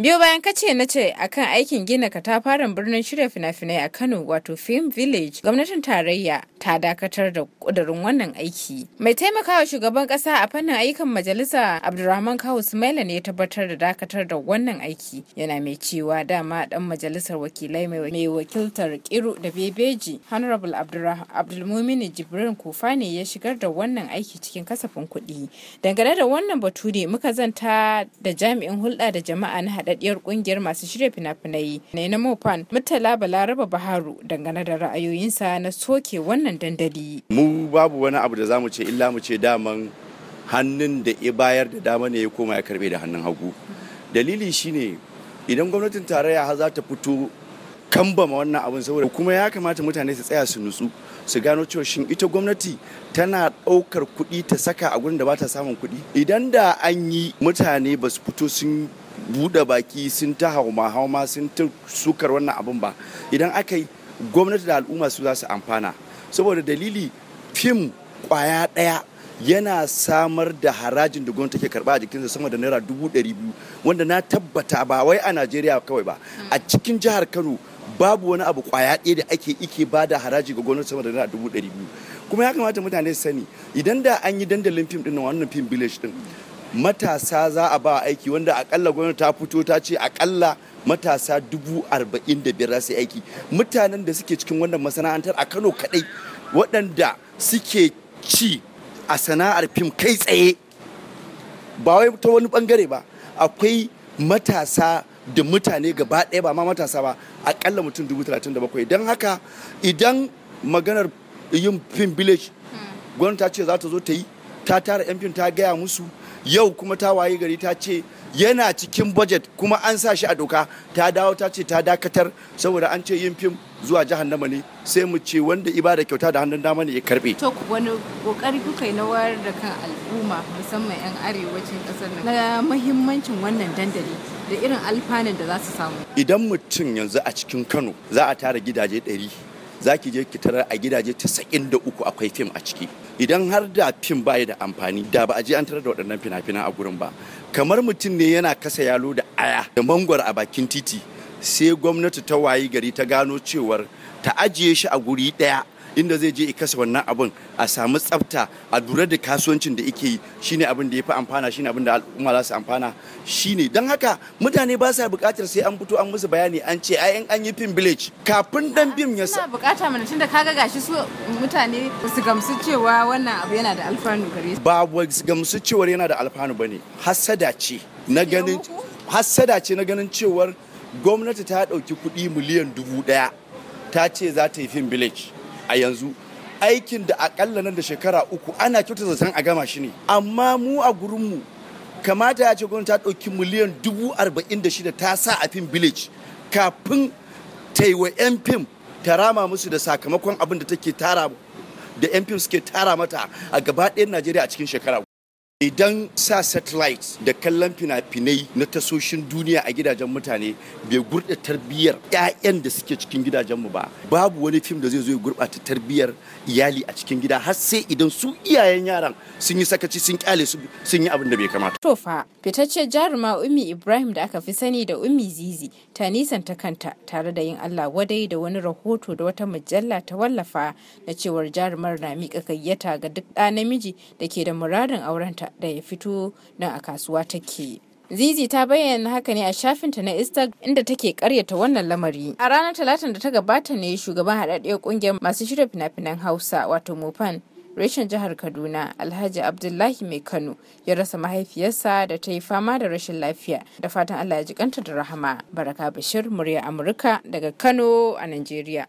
biyo bayan kace na ce akan aikin gina katafaren birnin shirya fina-finai a kano wato film village gwamnatin tarayya ta dakatar da kudurin wannan aiki mai taimakawa shugaban kasa a fannin ayyukan majalisa abdulrahman kawu sumaila ne ya tabbatar da dakatar da wannan aiki yana mai cewa dama dan majalisar wakilai mai wakiltar kiru da bebeji honorable abdulmumini jibrin kufa ne ya shigar da wannan aiki cikin kasafin kuɗi dangane da wannan batu ne muka zanta da jami'in hulɗa da jama'a na haɗaɗɗiyar kungiyar masu shirya fina-finai na mofan mutala balaraba baharu dangane da ra'ayoyinsa na soke wannan dandali mu babu wani abu da za mu ce illa mu ce daman hannun da ya bayar da dama ne ya koma ya karbe da hannun hagu dalili shine idan gwamnatin tarayya za ta fito kambama wannan abin saboda kuma ya kamata mutane su tsaya su nutsu su gano cewa shin ita gwamnati tana ɗaukar kuɗi ta saka a gurin da ba ta samun kuɗi idan da an yi mutane ba su fito sun buɗe baki sun ta hauma hauma sun ta sukar wannan abun ba idan aka yi gwamnati da al'umma su za su amfana saboda dalili fim kwaya ɗaya yana samar da harajin da gwamnati ke karba a jikinsa sama da naira dubu ɗari biyu wanda na tabbata ba wai a najeriya kawai ba a cikin jihar kano babu wani abu kwaya ɗaya da ake ike ba da haraji ga gwamnati sama da naira dubu ɗari biyu kuma ya kamata mutane su sani idan da an yi dandalin fim ɗin wannan fim village ɗin matasa za a ba aiki wanda akalla gwamnati ta fito ta ce akalla matasa dubu arba'in da biyar su aiki mutanen da suke cikin wannan masana'antar a kano kaɗai waɗanda suke ci a sana'ar fim kai tsaye ba wai ta wani bangare ba akwai matasa da mutane gaba ɗaya ba ma matasa ba akalla mutum dubu talatin da bakwai don haka idan maganar yin fim village hmm. gwamnati ta ce za ta zo ta yi ta tara yan fim ta gaya musu yau kuma ta waye gari ta ce yana cikin budget kuma an sa shi a doka ta dawo ta ce ta dakatar saboda an ce yin fim zuwa jahannama ne sai mu ce wanda ibada kyauta da hannun dama ne ya karbe to wani kokari kuka yi na wayar da kan al'umma musamman yan arewacin kasar nan na muhimmancin wannan dandali da irin alfanun da za su samu idan mutum yanzu a cikin Kano za a tara gidaje ɗari za ki je ki tarar a gidaje da uku akwai fim a ciki idan har da fim baya da amfani da ba a je an tarar da waɗannan fina-finan a gurin ba kamar mutum ne yana kasa yalo da aya da mangwar a bakin titi sai gwamnati ta wayi gari ta gano cewar ta ajiye shi a guri ɗaya inda zai je ya kasa wannan abin a samu tsafta a lura da kasuwancin da ike yi shine abin da ya fi amfana shine abin da al'umma za su amfana shine don haka mutane ba sa buƙatar sai an fito an musu bayani an ce ai an yi fim village kafin dan bim ya sa buƙata mana tunda kaga gashi su mutane su gamsu cewa wannan abu yana da alfanu gare su ba su gamsu cewa yana da alfanu bane hasada ce na ganin hasada ce na ganin cewar gwamnati ta dauki kuɗi miliyan dubu daya ta ce za ta yi fim village a yanzu aikin da akalla nan da shekara uku ana kyauta zaton a gama shi ne amma mu a gurinmu kamata ya ce gwamnati ta ɗauki miliyan dubu arba'in da shida ta sa a fim village kafin ta yi wa yan fim ta rama musu da sakamakon abin da take tara da yan fim suke tara mata a gaba ɗayan najeriya a cikin shekara idan sa satellite da kallon fina-finai na tasoshin duniya a gidajen mutane bai gurɗa tarbiyyar 'ya'yan da suke cikin gidajenmu ba babu wani fim da zai zo ya gurɓata tarbiyyar iyali a cikin gida har sai idan su iyayen yaran sun yi sakaci sun kyale su sun yi abin da bai kamata. to fa fitacce jaruma ummi ibrahim da aka fi sani da ummi zizi ta nisan ta kanta tare da yin allah wadai da wani rahoto da wata mujalla ta wallafa na cewar jarumar na miƙa gayyata ga duk ɗa namiji da ke da muradin aurenta da ya fito don a kasuwa take. Zizi ta bayyana haka ne a shafinta na Instagram inda take karyata wannan lamari. A ranar talatin da ta gabata ne shugaban haɗaɗɗiyar ƙungiyar masu shirya fina-finan Hausa wato Mofan reshen jihar Kaduna Alhaji Abdullahi Mai Kano ya rasa mahaifiyarsa da ta yi fama da rashin lafiya da fatan Allah ya jikanta da rahama. Baraka Bashir murya Amurka daga Kano a Najeriya.